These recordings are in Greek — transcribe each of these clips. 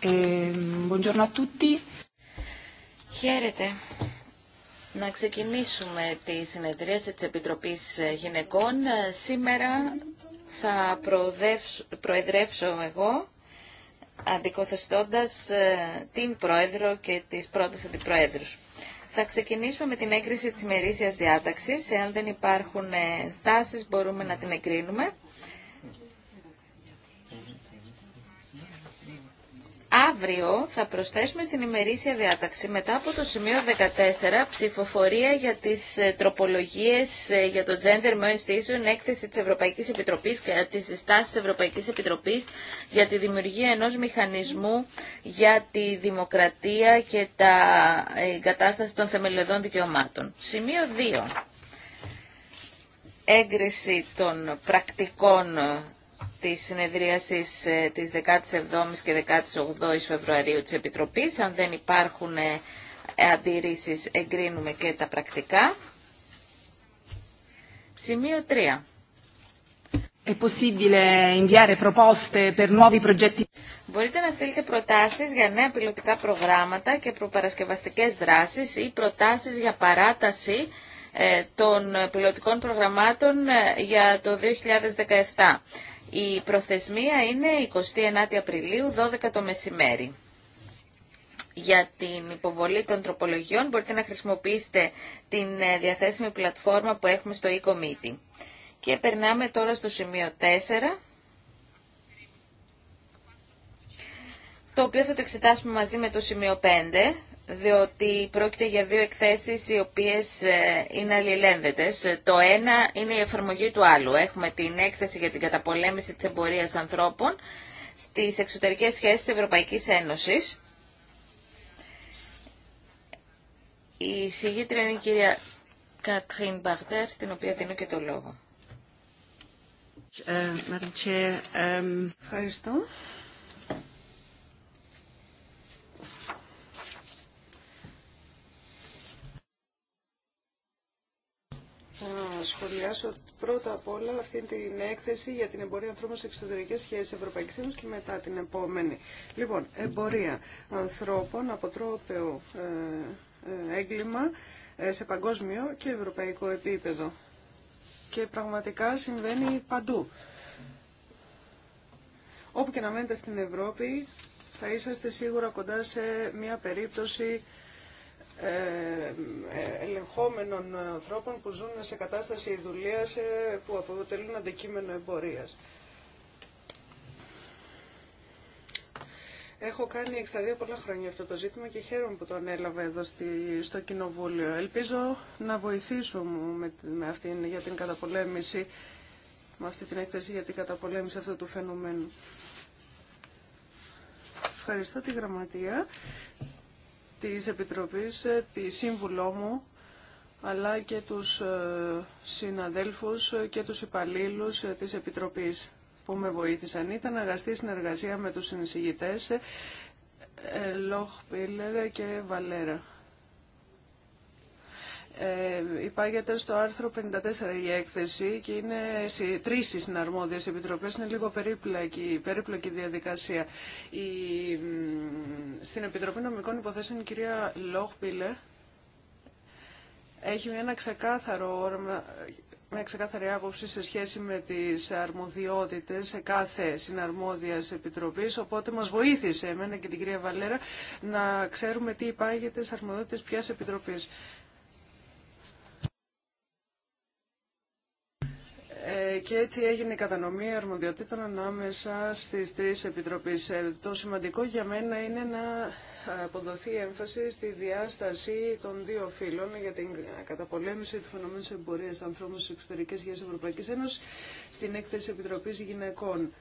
Ε, buongiorno Χαίρετε. Να ξεκινήσουμε τη συνέδρια της Επιτροπής Γυναικών. Σήμερα θα προεδρεύσω εγώ, αντικοθεστώντας ε, την Πρόεδρο και τις πρώτες αντιπροέδρου. Θα ξεκινήσουμε με την έγκριση της ημερήσιας διάταξης. Εάν δεν υπάρχουν ε, στάσεις μπορούμε να την εγκρίνουμε. Αύριο θα προσθέσουμε στην ημερήσια διάταξη μετά από το σημείο 14 ψηφοφορία για τις ε, τροπολογίες ε, για το Gender Mainstream έκθεση της Ευρωπαϊκής Επιτροπής και ε, της συστάσεις της Ευρωπαϊκής Επιτροπής για τη δημιουργία ενός μηχανισμού για τη δημοκρατία και τα κατάσταση των θεμελιωδών δικαιωμάτων. Σημείο 2. Έγκριση των πρακτικών της συνεδρίασης ε, της 17ης και 18ης Φεβρουαρίου της Επιτροπής. Αν δεν υπάρχουν ε, αντιρρήσεις εγκρίνουμε και τα πρακτικά. Σημείο 3. È possibile inviare proposte per nuovi progetti. Μπορείτε να στείλετε προτάσει για νέα πιλωτικά προγράμματα και προπαρασκευαστικές δράσει ή προτάσει για παράταση ε, των πιλωτικών προγραμμάτων για το 2017. Η προθεσμία είναι 29 Απριλίου, 12 το μεσημέρι. Για την υποβολή των τροπολογιών μπορείτε να χρησιμοποιήσετε την ε, διαθέσιμη πλατφόρμα που έχουμε στο e-committee. Και περνάμε τώρα στο σημείο 4. το οποίο θα το εξετάσουμε μαζί με το σημείο 5 διότι πρόκειται για δύο εκθέσεις οι οποίες ε, είναι αλληλένδετες. Το ένα είναι η εφαρμογή του άλλου. Έχουμε την έκθεση για την καταπολέμηση της εμπορίας ανθρώπων στις εξωτερικές σχέσεις της Ευρωπαϊκής Ένωσης. Η συγγήτρια είναι η κυρία Κατρίν Μπαρτέρ, στην οποία δίνω και το λόγο. Ε, ε, Ευχαριστώ. να σχολιάσω πρώτα απ' όλα αυτή την έκθεση για την εμπορία ανθρώπων σε εξωτερικέ σχέσει Ευρωπαϊκή Ένωση και μετά την επόμενη. Λοιπόν, εμπορία ανθρώπων από τρόπεο ε, ε, έγκλημα ε, σε παγκόσμιο και ευρωπαϊκό επίπεδο. Και πραγματικά συμβαίνει παντού. Όπου και να μένετε στην Ευρώπη θα είσαστε σίγουρα κοντά σε μια περίπτωση ε, ε, ελεγχόμενων ανθρώπων που ζουν σε κατάσταση δουλείας ε, που αποτελούν αντικείμενο εμπορίας. Έχω κάνει 62 πολλά χρόνια αυτό το ζήτημα και χαίρομαι που το ανέλαβα εδώ στο Κοινοβούλιο. Ελπίζω να βοηθήσω με, με αυτήν για την καταπολέμηση, με αυτή την έκθεση για την καταπολέμηση αυτού του φαινομένου. Ευχαριστώ τη Γραμματεία της Επιτροπής, ε, τη σύμβουλό μου, αλλά και τους ε, συναδέλφους ε, και τους υπαλλήλους της Επιτροπής που με βοήθησαν. Ήταν αγαστή συνεργασία με τους συνεισηγητές Λόχ Πίλερ και Βαλέρα. Ε, υπάγεται στο άρθρο 54 η έκθεση και είναι τρεις οι συναρμόδιες επιτροπές, είναι λίγο περίπλοκη, περίπλοκη διαδικασία. Η, στην Επιτροπή Νομικών Υποθέσεων η κυρία Λόχπιλε έχει ένα ξεκάθαρο μια ξεκάθαρη άποψη σε σχέση με τις αρμοδιότητες σε κάθε συναρμόδιας επιτροπής, οπότε μας βοήθησε εμένα και την κυρία Βαλέρα να ξέρουμε τι υπάγεται σε αρμοδιότητες ποιας επιτροπής. Ε, και έτσι έγινε η κατανομή αρμοδιοτήτων ανάμεσα στις τρεις επιτροπές. Ε, το σημαντικό για μένα είναι να αποδοθεί έμφαση στη διάσταση των δύο φύλων για την καταπολέμηση του φαινομένου εμπορίας ανθρώπων στις εξωτερικές σχέσεις Ευρωπαϊκής Ένωσης στην έκθεση Επιτροπής Γυναικών.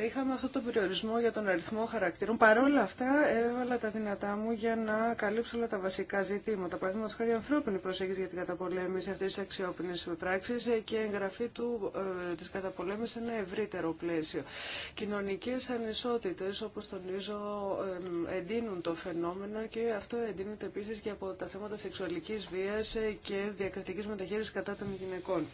Είχαμε αυτό το περιορισμό για τον αριθμό χαρακτήρων. Παρ' όλα αυτά, έβαλα τα δυνατά μου για να καλύψω όλα τα βασικά ζητήματα. Παραδείγματο χάρη, ανθρώπινη προσέγγιση για την καταπολέμηση αυτή τη αξιόπινη πράξη και εγγραφή του ε, τη καταπολέμηση σε ένα ευρύτερο πλαίσιο. Κοινωνικέ ανισότητε, όπω τονίζω, ε, εντείνουν το φαινόμενο και αυτό εντείνεται επίση και από τα θέματα σεξουαλική βία και διακριτική μεταχείριση κατά των γυναικών.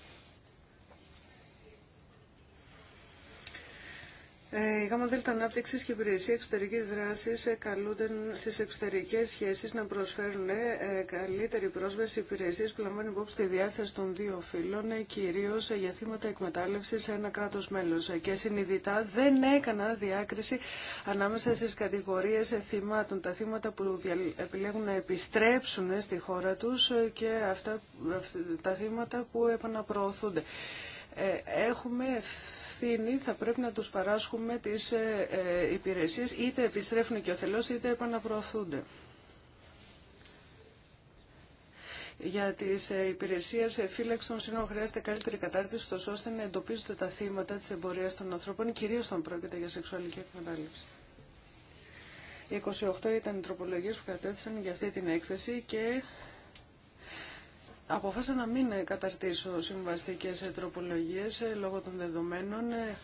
Ε, η ΔΕΛΤΑ Ανάπτυξη και η Υπηρεσία Εξωτερική Δράση ε, καλούνται στι εξωτερικέ σχέσει να προσφέρουν ε, καλύτερη πρόσβαση σε υπηρεσίε που λαμβάνουν υπόψη τη διάσταση των δύο φύλων, κυρίω για θύματα εκμετάλλευση σε ένα κράτο μέλο. Και συνειδητά δεν έκανα διάκριση ανάμεσα στι κατηγορίε θυμάτων, τα θύματα που επιλέγουν να επιστρέψουν στη χώρα του και αυτά, τα θύματα που επαναπροωθούνται. Έχουμε ευθύνη θα πρέπει να τους παράσχουμε τις ε, ε, υπηρεσίες είτε επιστρέφουν και ο θελός είτε επαναπροωθούνται. Για τις ε, υπηρεσίες φύλαξη των σύνορων χρειάζεται καλύτερη κατάρτιση ώστε να εντοπίζονται τα θύματα της εμπορίας των ανθρώπων κυρίως όταν πρόκειται για σεξουαλική εκμετάλλευση. Οι 28 ήταν οι τροπολογίε που κατέθεσαν για αυτή την έκθεση και Αποφάσισα να μην καταρτήσω συμβαστικές τροπολογίες ε, λόγω των δεδομένων ε,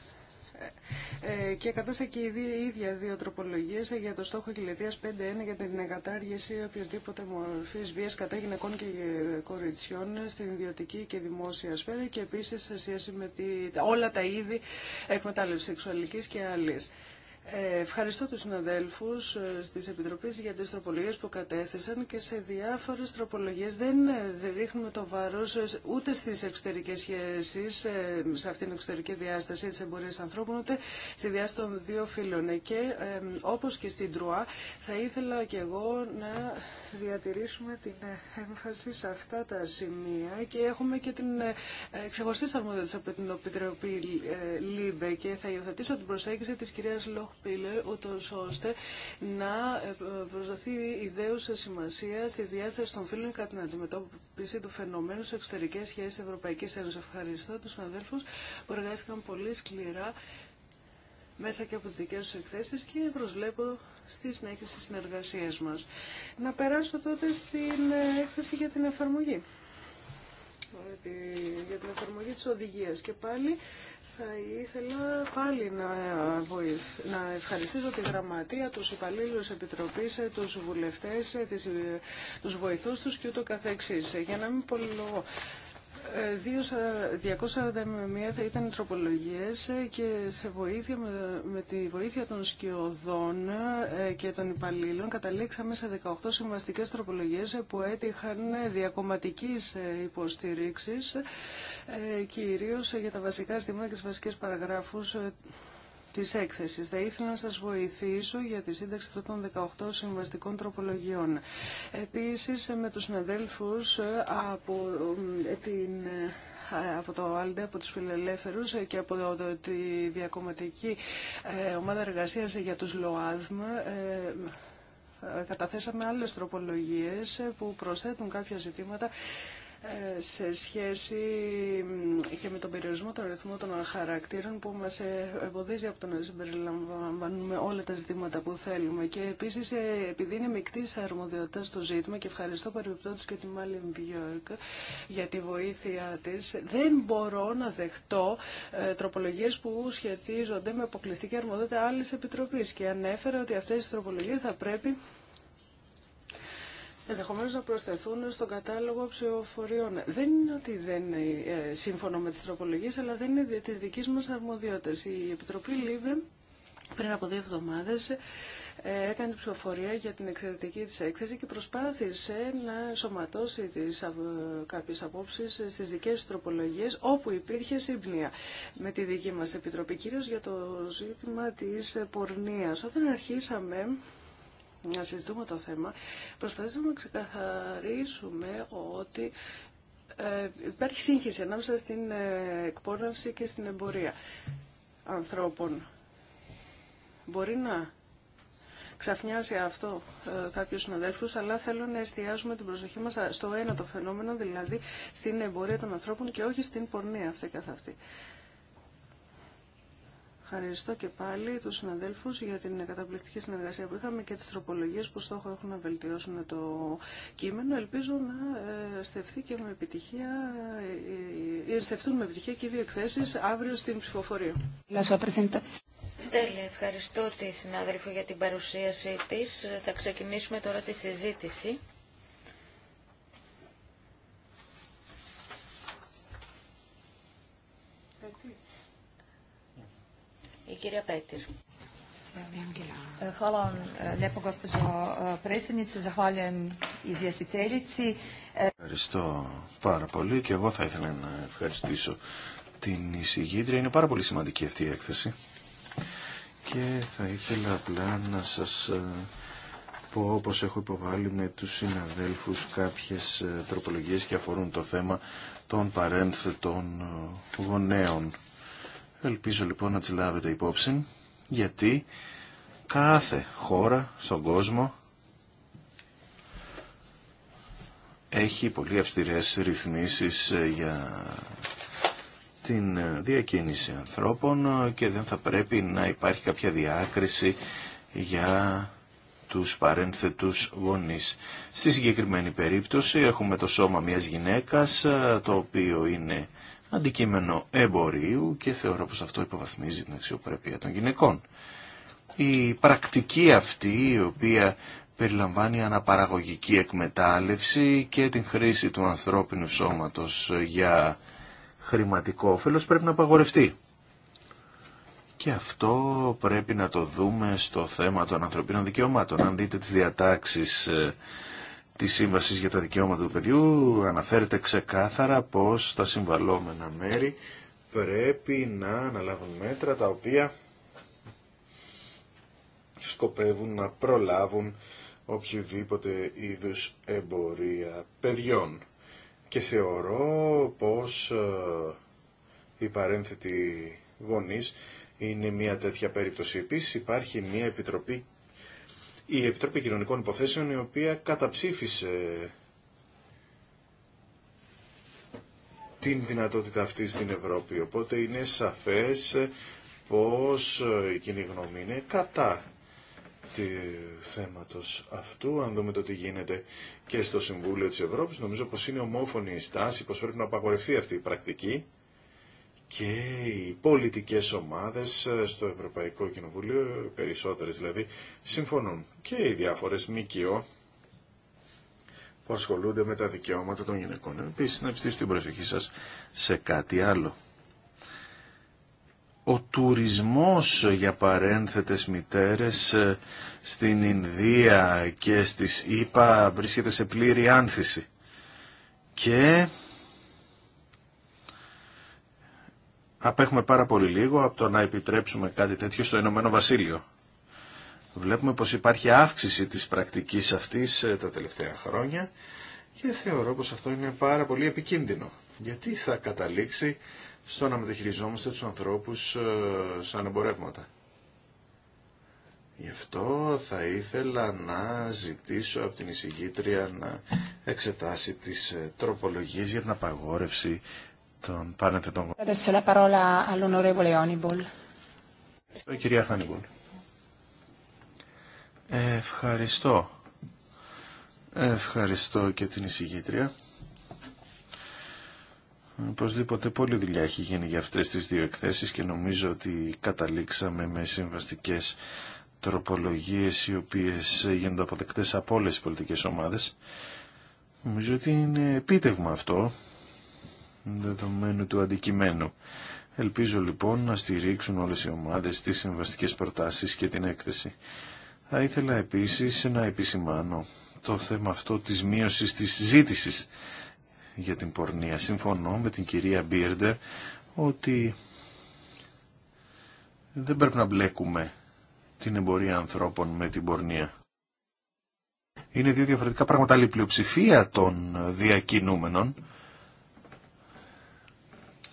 ε, και κατάστα και η ίδια δύο τροπολογίε για το στοχο εκκληρια Κιλετία 5-1 για την εγκατάργηση οποιοδήποτε μορφή βία κατά γυναικών και κοριτσιών στην ιδιωτική και δημόσια σφαίρα και επίση σε σχέση με τη, όλα τα είδη εκμετάλλευση σεξουαλική και άλλη. Ε, ευχαριστώ τους συναδέλφους ε, της Επιτροπής για τις τροπολογίες που κατέθεσαν και σε διάφορες τροπολογίες δεν ε, ρίχνουμε το βάρος ούτε στις εξωτερικές σχέσεις, σε αυτήν την εξωτερική διάσταση της εμπορίας ανθρώπων, ούτε στη διάσταση των δύο φίλων. Και όπως και στην Τρουά θα ήθελα και εγώ να διατηρήσουμε την έμφαση σε αυτά τα σημεία και έχουμε και την ξεχωριστή αρμοδιότητα από την Επιτροπή Λίμπε και θα υιοθετήσω την προσέγγιση της κυρίας Λόχ πύλε, ούτως ώστε να ε, προσδοθεί ιδέουσα σημασία στη διάσταση των φίλων κατά την αντιμετώπιση του φαινομένου σε εξωτερικές σχέσει Ευρωπαϊκή Ένωση. Ευχαριστώ του αδέλφου που εργάστηκαν πολύ σκληρά μέσα και από τις δικές τους εκθέσεις και προσβλέπω στη συνέχιση της συνεργασίας μας. Να περάσω τότε στην ε, έκθεση για την εφαρμογή για την εφαρμογή της οδηγίας. Και πάλι θα ήθελα πάλι να, να ευχαριστήσω τη γραμματεία, τους υπαλλήλους επιτροπής, τους βουλευτές, τις, ε, τους βοηθούς τους και ούτω καθεξής. Για να μην πολυλογώ. 241 ε, θα ήταν οι τροπολογίες ε, και σε βοήθεια, με τη βοήθεια των σκιωδών ε, και των υπαλλήλων καταλήξαμε σε 18 συμβαστικές τροπολογίες που έτυχαν διακομματικής υποστηρίξης κυρίως για τα βασικά στιγμή και τις βασικές παραγράφους της έκθεσης. Θα ήθελα να σας βοηθήσω για τη σύνταξη αυτών των 18 συμβαστικών τροπολογιών. Επίσης, με τους συναδέλφους ε, από ε, την ε, από το ΑΛΔΕ, από τους φιλελεύθερους και από τη διακομματική ομάδα εργασίας για τους ΛΟΑΔΜ καταθέσαμε άλλες τροπολογίες που προσθέτουν κάποια ζητήματα ε, σε σχέση και με τον περιορισμό των αριθμών των χαρακτήρων που μας ε, εμποδίζει από το να συμπεριλαμβάνουμε όλα τα ζητήματα που θέλουμε και επίσης ε, επειδή είναι μεικτή αρμοδιότητα στο ζήτημα και ευχαριστώ παρεμπιπτόντως και τη Μάλιν Μπιόρκ για τη βοήθειά της δεν μπορώ να δεχτώ τροπολογίες που σχετίζονται με αποκλειστική αρμοδιότητα άλλης επιτροπής και ανέφερα ότι αυτές οι τροπολογίες θα πρέπει ενδεχομένω να προσθεθούν στον κατάλογο ψηφοφοριών. Δεν είναι ότι δεν είναι σύμφωνο με τι τροπολογίε, αλλά δεν είναι τη δική μα αρμοδιότητα. Η Επιτροπή ΛΥΒΕ πριν από δύο εβδομάδες ε, έκανε ψηφοφορία για την εξαιρετική τη έκθεση και προσπάθησε να σωματώσει τις, κάποιε απόψει στις δικές τροπολογίε τροπολογίες όπου υπήρχε σύμπνοια με τη δική μα Επιτροπή, κυρίω για το ζήτημα τη πορνεία. Όταν αρχίσαμε να συζητούμε το θέμα, προσπαθήσαμε να ξεκαθαρίσουμε ότι ε, υπάρχει σύγχυση ανάμεσα στην ε, εκπόρνευση και στην εμπορία ανθρώπων. Μπορεί να ξαφνιάσει αυτό ε, κάποιους αλλά θέλω να εστιάσουμε την προσοχή μας στο ένα το φαινόμενο, δηλαδή στην εμπορία των ανθρώπων και όχι στην πορνεία αυτή καθ' αυτή ευχαριστώ και πάλι του συναδέλφου για την καταπληκτική συνεργασία που είχαμε και τις τροπολογίες που στόχο έχουν να βελτιώσουν το κείμενο. Ελπίζω να ε, στεφθεί και με επιτυχία, ε, ε, στεφθούν με επιτυχία και οι δύο εκθέσει αύριο στην ψηφοφορία. Τέλεια, ευχαριστώ τη συνάδελφο για την παρουσίαση της. Θα ξεκινήσουμε τώρα τη συζήτηση. Ε, Hvala vam ε, lijepo gospođo ε, predsjednice, zahvaljujem Ευχαριστώ πάρα πολύ και εγώ θα ήθελα να ευχαριστήσω την εισηγήτρια. Είναι πάρα πολύ σημαντική αυτή η έκθεση και θα ήθελα απλά να σας πω όπως έχω υποβάλει με τους συναδέλφους κάποιες τροπολογίες και αφορούν το θέμα των παρένθετων γονέων. Ελπίζω λοιπόν να τις λάβετε υπόψη, γιατί κάθε χώρα στον κόσμο έχει πολύ αυστηρές ρυθμίσεις ε, για την ε, διακίνηση ανθρώπων ε, και δεν θα πρέπει να υπάρχει κάποια διάκριση για τους παρένθετους γονείς. Στη συγκεκριμένη περίπτωση έχουμε το σώμα μιας γυναίκας, το οποίο είναι αντικείμενο εμπορίου και θεωρώ πως αυτό υποβαθμίζει την αξιοπρέπεια των γυναικών. Η πρακτική αυτή η οποία περιλαμβάνει αναπαραγωγική εκμετάλλευση και την χρήση του ανθρώπινου σώματος για χρηματικό όφελος πρέπει να απαγορευτεί. Και αυτό πρέπει να το δούμε στο θέμα των ανθρωπίνων δικαιωμάτων. Αν δείτε τις διατάξεις ε, της Σύμβασης για τα Δικαιώματα του Παιδιού αναφέρεται ξεκάθαρα πως τα συμβαλόμενα μέρη πρέπει να αναλάβουν μέτρα τα οποία σκοπεύουν να προλάβουν οποιοδήποτε είδους εμπορία παιδιών. Και θεωρώ πως η ε, παρένθετη γονείς είναι μια τέτοια περίπτωση. Επίσης υπάρχει μια επιτροπή η Επιτροπή Κοινωνικών Υποθέσεων η οποία καταψήφισε την δυνατότητα αυτή στην Ευρώπη. Οπότε είναι σαφές πως η κοινή γνώμη είναι κατά του θέματος αυτού. Αν δούμε το τι γίνεται και στο Συμβούλιο της Ευρώπης, νομίζω πως είναι ομόφωνη η στάση, πως πρέπει να απαγορευτεί αυτή η πρακτική και οι πολιτικές ομάδες ε, στο Ευρωπαϊκό Κοινοβούλιο, περισσότερες δηλαδή, συμφωνούν. Και οι διάφορες ΜΚΟ που ασχολούνται με τα δικαιώματα των γυναικών. Επίσης, να ευστηθεί την προσοχή σας σε κάτι άλλο. Ο τουρισμός για παρένθετες μητέρες ε, στην Ινδία και στις ΗΠΑ βρίσκεται σε πλήρη άνθηση. Και απέχουμε πάρα πολύ λίγο από το να επιτρέψουμε κάτι τέτοιο στο Ηνωμένο Βασίλειο. Βλέπουμε πως υπάρχει αύξηση της πρακτικής αυτής ε, τα τελευταία χρόνια και θεωρώ πως αυτό είναι πάρα πολύ επικίνδυνο. Γιατί θα καταλήξει στο να μεταχειριζόμαστε τους ανθρώπους ε, σαν εμπορεύματα. Γι' αυτό θα ήθελα να ζητήσω από την εισηγήτρια να εξετάσει τις ε, τροπολογίες για την απαγόρευση κυρία Ευχαριστώ. Ευχαριστώ και την εισηγήτρια. Οπωσδήποτε πολλή δουλειά έχει γίνει για αυτές τις δύο εκθέσεις και νομίζω ότι καταλήξαμε με συμβαστικές τροπολογίες οι οποίες γίνονται αποδεκτές από όλες τις πολιτικές ομάδες. Νομίζω ότι είναι επίτευγμα αυτό δεδομένου του αντικειμένου. Ελπίζω λοιπόν να στηρίξουν όλες οι ομάδες τις συμβαστικές προτάσεις και την έκθεση. Θα ήθελα επίσης να επισημάνω το θέμα αυτό της μείωσης της συζήτηση για την πορνεία. Συμφωνώ με την κυρία Μπίρντερ ότι δεν πρέπει να μπλέκουμε την εμπορία ανθρώπων με την πορνεία. Είναι δύο διαφορετικά πράγματα, η πλειοψηφία των διακινούμενων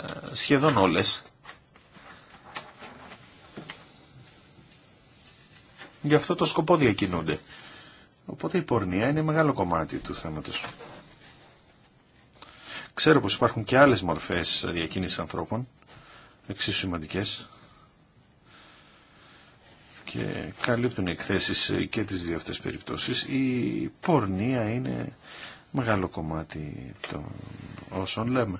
ε, σχεδόν όλες. Γι' αυτό το σκοπό διακινούνται. Οπότε η πορνεία είναι μεγάλο κομμάτι του θέματος. Ξέρω πως υπάρχουν και άλλες μορφές διακίνησης ανθρώπων, εξίσου σημαντικές, και καλύπτουν οι εκθέσεις και τις δύο αυτές περιπτώσεις. Η πορνεία είναι μεγάλο κομμάτι των όσων λέμε.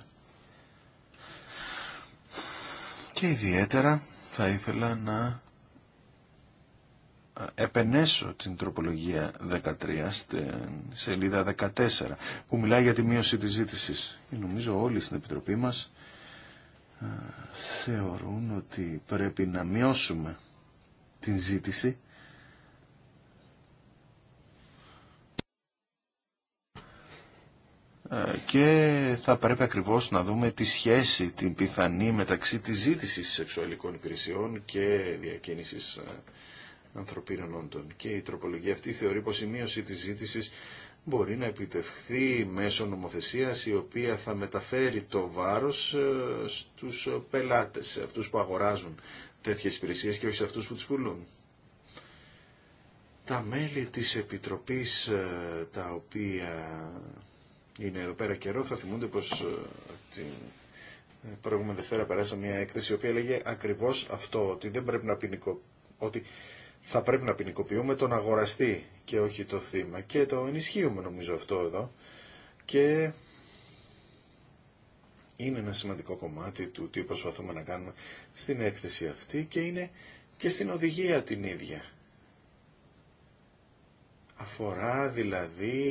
και ιδιαίτερα θα ήθελα να επενέσω την τροπολογία 13 στην σελίδα 14 που μιλάει για τη μείωση της ζήτησης. Και νομίζω όλοι στην Επιτροπή μας θεωρούν ότι πρέπει να μειώσουμε την ζήτηση Ε, και θα πρέπει ακριβώς να δούμε τη σχέση, την πιθανή μεταξύ της ζήτησης σεξουαλικών υπηρεσιών και διακίνησης ε, ανθρωπίνων όντων. Και η τροπολογία αυτή θεωρεί πως η μείωση της ζήτησης μπορεί να επιτευχθεί μέσω νομοθεσίας η οποία θα μεταφέρει το βάρος ε, στους πελάτες, σε αυτούς που αγοράζουν τέτοιες υπηρεσίες και όχι σε αυτούς που τις πουλούν. Τα μέλη της Επιτροπής τα οποία είναι εδώ πέρα καιρό θα θυμούνται πως ε, την ε, προηγούμενη Δευτέρα περάσαμε μια έκθεση η οποία λέγε ακριβώς αυτό ότι δεν πρέπει να ποινικο... ότι θα πρέπει να ποινικοποιούμε τον αγοραστή και όχι το θύμα και το ενισχύουμε νομίζω αυτό εδώ και είναι ένα σημαντικό κομμάτι του τι προσπαθούμε να κάνουμε στην έκθεση αυτή και είναι και στην οδηγία την ίδια Αφορά δηλαδή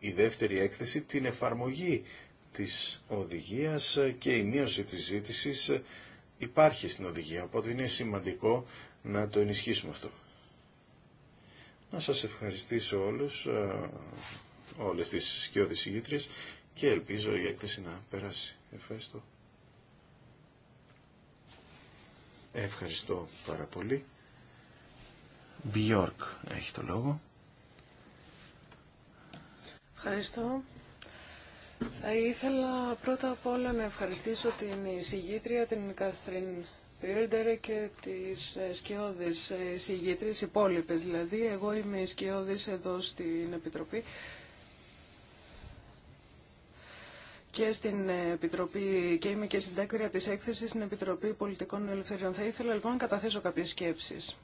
η δεύτερη έκθεση την εφαρμογή της οδηγίας και η μείωση της ζήτησης υπάρχει στην οδηγία, οπότε είναι σημαντικό να το ενισχύσουμε αυτό. Να σας ευχαριστήσω όλους, ε, όλες τις σκιώδεις ηγήτρες και ελπίζω η έκθεση να περάσει. Ευχαριστώ. Ευχαριστώ πάρα πολύ. Μπιόρκ έχει το λόγο. Ευχαριστώ. Θα ήθελα πρώτα απ' όλα να ευχαριστήσω την εισηγήτρια, την Καθρίν Πίρντερ και τις ε, σκιώδεις ε, εισηγήτρες, υπόλοιπες δηλαδή. Εγώ είμαι σκιώδης εδώ στην Επιτροπή και στην ε, Επιτροπή και είμαι και συντάκτρια της έκθεσης στην Επιτροπή Πολιτικών Ελευθεριών. Θα ήθελα λοιπόν να καταθέσω κάποιες σκέψεις.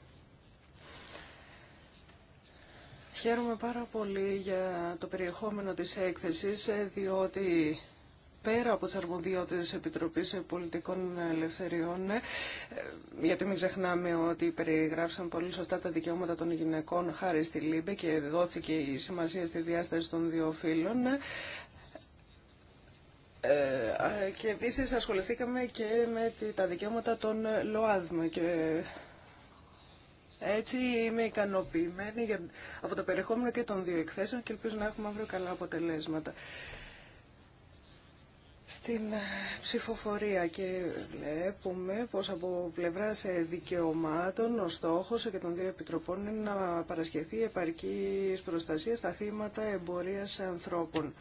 Χαίρομαι πάρα πολύ για το περιεχόμενο της έκθεσης, διότι πέρα από τις αρμοδιότητες Επιτροπής Πολιτικών Ελευθεριών, ε, γιατί μην ξεχνάμε ότι περιγράψαν πολύ σωστά τα δικαιώματα των γυναικών χάρη στη ΛΥΜΠΕ και δόθηκε η σημασία στη διάσταση των δύο φύλων, ε, ε, και επίσης ασχοληθήκαμε και με τα δικαιώματα των ΛΟΑΔΜ έτσι είμαι ικανοποιημένη για... από το περιεχόμενο και των δύο εκθέσεων και ελπίζω να έχουμε αύριο καλά αποτελέσματα. Στην ε, ψηφοφορία και βλέπουμε πως από πλευράς ε, δικαιωμάτων ο στόχος και των δύο επιτροπών είναι να παρασχεθεί επαρκής προστασία στα θύματα εμπορίας ανθρώπων.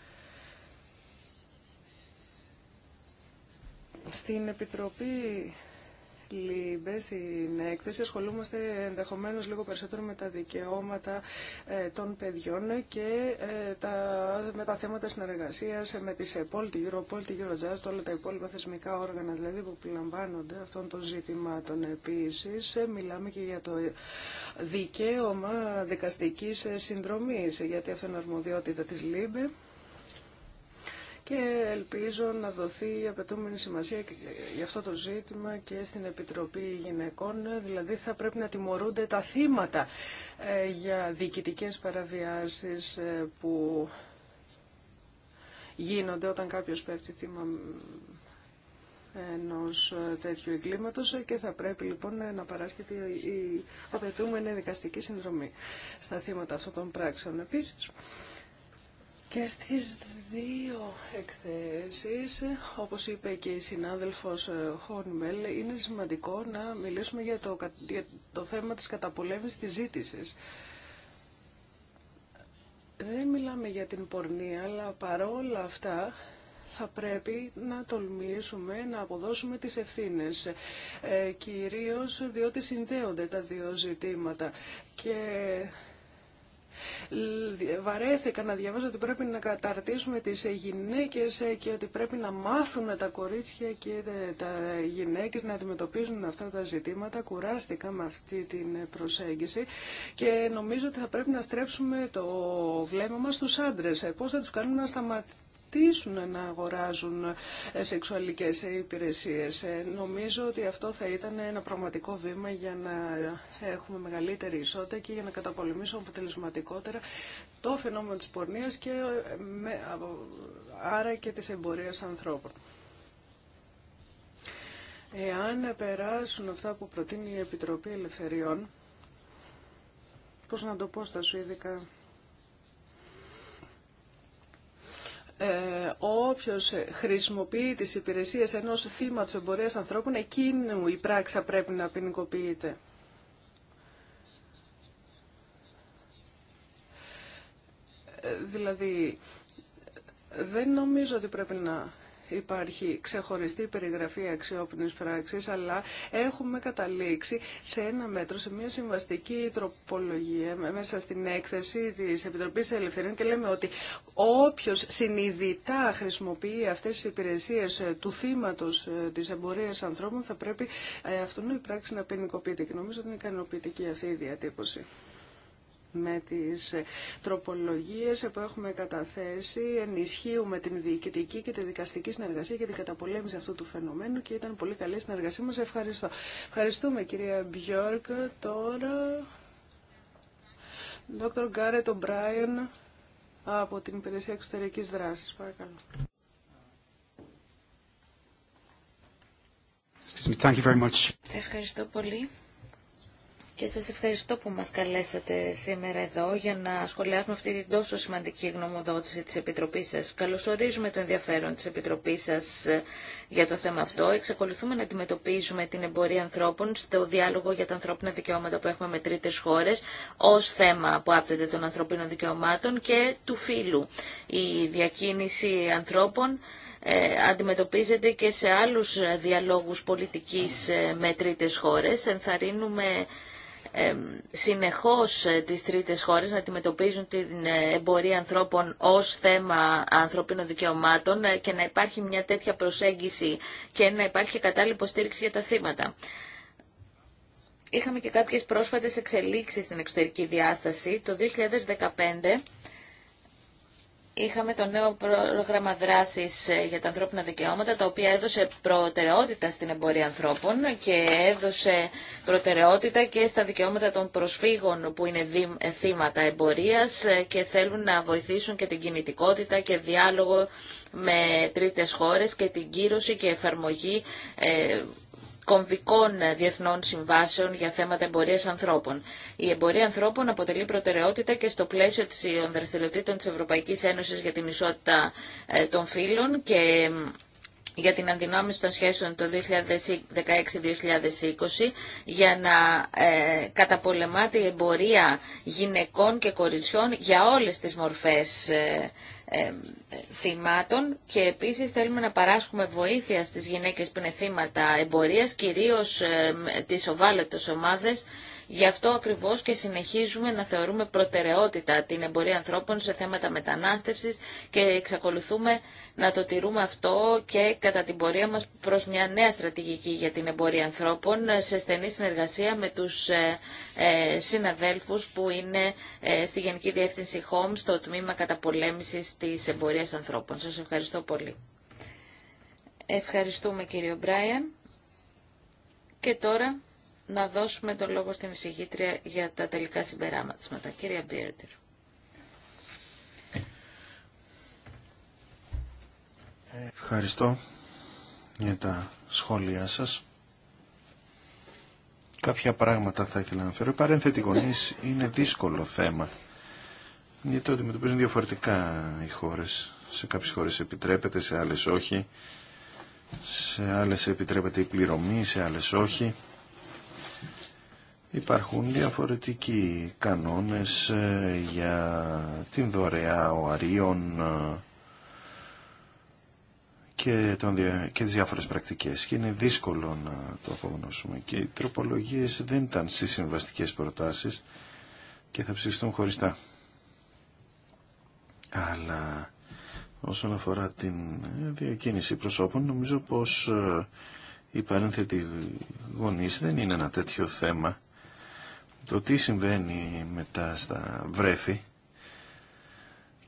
Στην Επιτροπή ΛΥΜΠΕ στην έκθεση ασχολούμαστε ενδεχομένως λίγο περισσότερο με τα δικαιώματα ε, των παιδιών και ε, τα, με τα θέματα συνεργασία ε, με τις ΕΠΟΛ, τη Europol, τη Eurojust, όλα τα υπόλοιπα θεσμικά όργανα δηλαδή που πλαμβάνονται αυτών των ζητημάτων επίσης. Μιλάμε και για το δικαίωμα δικαστική συνδρομής, γιατί αυτό είναι αρμοδιότητα τη ΛΥΜΠΕ και ελπίζω να δοθεί η απαιτούμενη σημασία για αυτό το ζήτημα και στην Επιτροπή Γυναικών. Δηλαδή θα πρέπει να τιμωρούνται τα θύματα ε, για διοικητικές παραβιάσεις ε, που γίνονται όταν κάποιος πέφτει θύμα ενός ε, τέτοιου εγκλήματος και θα πρέπει λοιπόν να παράσχεται η απαιτούμενη δικαστική συνδρομή στα θύματα αυτών των πράξεων. Επίσης, και στις δύο εκθέσεις, όπως είπε και η συνάδελφος Χόρνμελ, είναι σημαντικό να μιλήσουμε για το, το θέμα της καταπολέμησης της ζήτησης. Δεν μιλάμε για την πορνεία, αλλά παρόλα αυτά θα πρέπει να τολμήσουμε να αποδώσουμε τις ευθύνες, ε, κυρίως διότι συνδέονται τα δύο ζητήματα. Και Βαρέθηκα να διαβάζω ότι πρέπει να καταρτήσουμε τις γυναίκες και ότι πρέπει να μάθουν τα κορίτσια και τα γυναίκες να αντιμετωπίζουν αυτά τα ζητήματα. Κουράστηκα με αυτή την προσέγγιση και νομίζω ότι θα πρέπει να στρέψουμε το βλέμμα μας στους άντρες. Ε, πώς θα τους κάνουμε να σταματήσουν σταματήσουν να αγοράζουν ε, σεξουαλικές υπηρεσίες. Ε, νομίζω ότι αυτό θα ήταν ένα πραγματικό βήμα για να έχουμε μεγαλύτερη ισότητα και για να καταπολεμήσουμε αποτελεσματικότερα το φαινόμενο της πορνείας και ε, άρα και της εμπορίας ανθρώπων. Εάν περάσουν αυτά που προτείνει η Επιτροπή Ελευθεριών, πώς να το πω στα Σουηδικά, Ε, όποιος χρησιμοποιεί τις υπηρεσίες ενός θύματος εμπορίας ανθρώπων, εκείνου η πράξη θα πρέπει να ποινικοποιείται. Ε, δηλαδή, δεν νομίζω ότι πρέπει να υπάρχει ξεχωριστή περιγραφή αξιόπινης πράξης, αλλά έχουμε καταλήξει σε ένα μέτρο, σε μια συμβαστική τροπολογία μέσα στην έκθεση της Επιτροπής Ελευθερίων και λέμε ότι όποιος συνειδητά χρησιμοποιεί αυτές τις υπηρεσίες ε, του θύματος ε, της εμπορίας ανθρώπων θα πρέπει ε, αυτόν η πράξη να ποινικοποιείται και νομίζω ότι είναι ικανοποιητική αυτή η διατύπωση με τις ε, τροπολογίες που έχουμε καταθέσει. Ενισχύουμε την διοικητική και τη δικαστική συνεργασία για την καταπολέμηση αυτού του φαινομένου και ήταν πολύ καλή συνεργασία μας. Ευχαριστώ. Ευχαριστούμε κυρία Μπιόρκ. Τώρα, Δόκτωρ Γκάρετ Ομπράιν από την Υπηρεσία Εξωτερικής Δράσης. Παρακαλώ. Thank you very much. Ευχαριστώ πολύ και σας ευχαριστώ που μας καλέσατε σήμερα εδώ για να σχολιάσουμε αυτή την τόσο σημαντική γνωμοδότηση της Επιτροπής σας. Καλωσορίζουμε το ενδιαφέρον της Επιτροπής σας ε, για το θέμα αυτό. Εξακολουθούμε να αντιμετωπίζουμε την εμπορία ανθρώπων στο διάλογο για τα ανθρώπινα δικαιώματα που έχουμε με τρίτες χώρες ως θέμα που άπτεται των ανθρωπίνων δικαιωμάτων και του φύλου. Η διακίνηση ανθρώπων ε, αντιμετωπίζεται και σε άλλους διαλόγους πολιτικής ε, με τρίτες χώρες. Ενθαρρύνουμε συνεχώς ε, τις τρίτες χώρες να αντιμετωπίζουν την ε, εμπορία ανθρώπων ως θέμα ανθρωπίνων δικαιωμάτων ε, και να υπάρχει μια τέτοια προσέγγιση και να υπάρχει κατάλληλη υποστήριξη για τα θύματα. Είχαμε και κάποιες πρόσφατες εξελίξεις στην εξωτερική διάσταση. Το 2015 είχαμε το νέο πρόγραμμα δράσης ε, για τα ανθρώπινα δικαιώματα, τα οποία έδωσε προτεραιότητα στην εμπορία ανθρώπων και έδωσε προτεραιότητα και στα δικαιώματα των προσφύγων που είναι ε, θύματα εμπορίας ε, και θέλουν να βοηθήσουν και την κινητικότητα και διάλογο με τρίτες χώρες και την κύρωση και εφαρμογή κομβικών ε, διεθνών συμβάσεων για θέματα εμπορία ανθρώπων. Η εμπορία ανθρώπων αποτελεί προτεραιότητα και στο πλαίσιο των ε, δραστηριοτήτων τη Ευρωπαϊκή Ένωση για την Ισότητα ε, των Φύλων και για την αντινόμηση των σχέσεων το 2016-2020 για να ε, καταπολεμάται η εμπορία γυναικών και κοριτσιών για όλες τις μορφές ε, ε, θυμάτων και επίσης θέλουμε να παράσχουμε βοήθεια στις γυναίκες που είναι θύματα εμπορίας, κυρίως ε, τις οβάλλοντες ομάδες, Γι' αυτό ακριβώς και συνεχίζουμε να θεωρούμε προτεραιότητα την εμπορία ανθρώπων σε θέματα μετανάστευση και εξακολουθούμε να το τηρούμε αυτό και κατά την πορεία μας προς μια νέα στρατηγική για την εμπορία ανθρώπων σε στενή συνεργασία με τους ε, ε, συναδέλφους που είναι ε, στη Γενική Διεύθυνση HOME στο Τμήμα Καταπολέμησης της εμπορία Ανθρώπων. Σα ευχαριστώ πολύ. Ευχαριστούμε κύριο Μπράιαν. Και τώρα να δώσουμε το λόγο στην εισηγήτρια για τα τελικά συμπεράματα. Μετά, κυρία Μπίρτερ. Ευχαριστώ για τα σχόλιά σας. Κάποια πράγματα θα ήθελα να φέρω. Οι γονείς είναι δύσκολο θέμα. Γιατί αντιμετωπίζουν διαφορετικά οι χώρες. Σε κάποιες χώρες επιτρέπεται, σε άλλες όχι. Σε άλλες επιτρέπεται η πληρωμή, σε άλλες όχι. Υπάρχουν διαφορετικοί κανόνες ε, για την δωρεά οαρίων ε, και, τον, και τις διάφορες πρακτικές και είναι δύσκολο να το απογνώσουμε και οι τροπολογίες δεν ήταν στις συμβαστικές προτάσεις και θα ψηφιστούν χωριστά. Αλλά όσον αφορά την διακίνηση προσώπων νομίζω πως ε, η παρένθετη γονείς δεν είναι ένα τέτοιο θέμα το τι συμβαίνει μετά στα βρέφη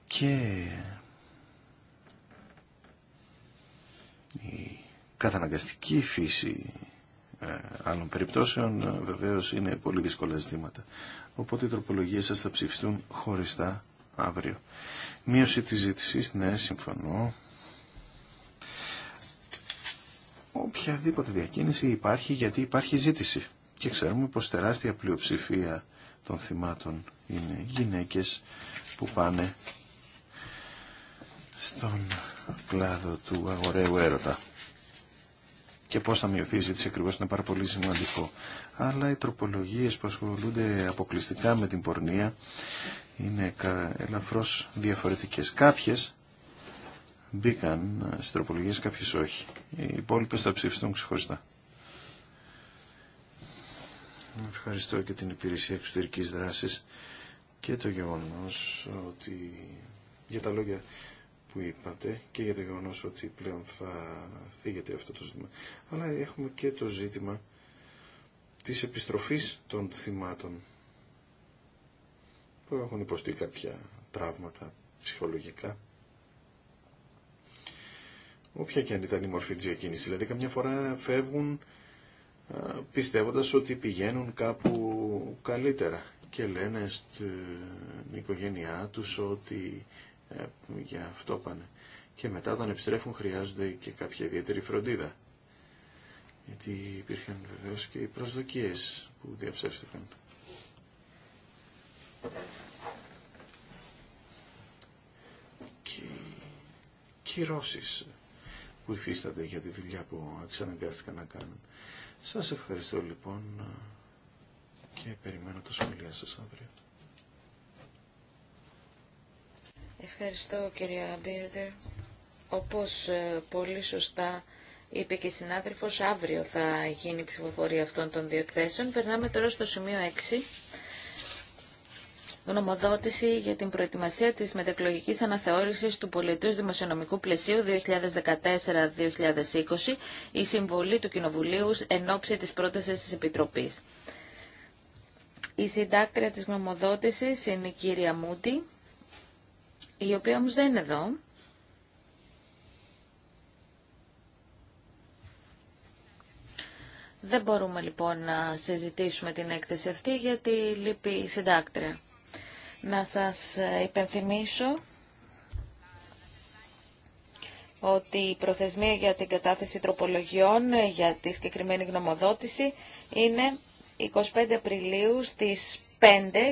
και η καταναγκαστική φύση ε, άλλων περιπτώσεων ε, βεβαίως είναι πολύ δύσκολα ζητήματα. Οπότε οι τροπολογίες σας θα ψηφιστούν χωριστά αύριο. Μείωση της ζήτησης, ναι, συμφωνώ. Οποιαδήποτε διακίνηση υπάρχει γιατί υπάρχει ζήτηση και ξέρουμε πως τεράστια πλειοψηφία των θυμάτων είναι γυναίκες που πάνε στον κλάδο του αγοραίου έρωτα. Και πώς θα μειωθεί η ζήτηση ακριβώς είναι πάρα πολύ σημαντικό. Αλλά οι τροπολογίες που ασχολούνται αποκλειστικά με την πορνεία είναι ελαφρώς διαφορετικές. Κάποιες μπήκαν στις τροπολογίες, κάποιες όχι. Οι υπόλοιπες θα ψηφιστούν ξεχωριστά. Ευχαριστώ και την υπηρεσία εξωτερικής δράσης και το γεγονός ότι για τα λόγια που είπατε και για το γεγονός ότι πλέον θα θίγεται αυτό το ζήτημα. Αλλά έχουμε και το ζήτημα της επιστροφής των θυμάτων που έχουν υποστεί κάποια τραύματα ψυχολογικά. Όποια και αν ήταν η μορφή της διακίνησης. Δηλαδή καμιά φορά φεύγουν ε, πιστεύοντας ότι πηγαίνουν κάπου καλύτερα και λένε στην οικογένειά τους ότι ε, για αυτό πάνε. Και μετά όταν επιστρέφουν χρειάζονται και κάποια ιδιαίτερη φροντίδα. Γιατί υπήρχαν βεβαίως και οι προσδοκίες που διαψεύστηκαν. Και κυρώσεις που υφίστανται για τη δουλειά που εξαναγκάστηκαν να κάνουν. Σας ευχαριστώ λοιπόν και περιμένω το σχολείο σας αύριο. Ευχαριστώ κυρία Μπίρντερ. Όπως ε, πολύ σωστά είπε και η συνάδελφος, αύριο θα γίνει η ψηφοφορία αυτών των δύο εκθέσεων. Περνάμε τώρα στο σημείο 6 γνωμοδότηση για την προετοιμασία της μετεκλογικής αναθεώρησης του πολιτούς δημοσιονομικού πλαισίου 2014-2020, η συμβολή του Κοινοβουλίου εν ώψη της πρότασης της Επιτροπής. Η συντάκτρια της γνωμοδότησης είναι η κυρία Μούτη, η οποία όμως δεν είναι εδώ. Δεν μπορούμε λοιπόν να συζητήσουμε την έκθεση αυτή γιατί λείπει η συντάκτρια να σας ε, υπενθυμίσω ότι η προθεσμία για την κατάθεση τροπολογιών ε, για τη συγκεκριμένη γνωμοδότηση είναι 25 Απριλίου στις 5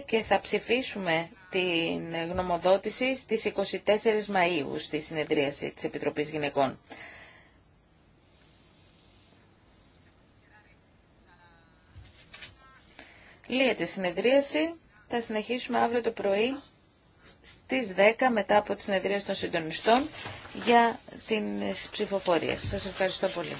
και θα ψηφίσουμε την γνωμοδότηση στις 24 Μαΐου στη συνεδρίαση της Επιτροπής Γυναικών. Λύεται συνεδρίαση. Θα συνεχίσουμε αύριο το πρωί στις 10 μετά από τις συνεδρίες των συντονιστών για τις ψηφοφορίες. Σας ευχαριστώ πολύ.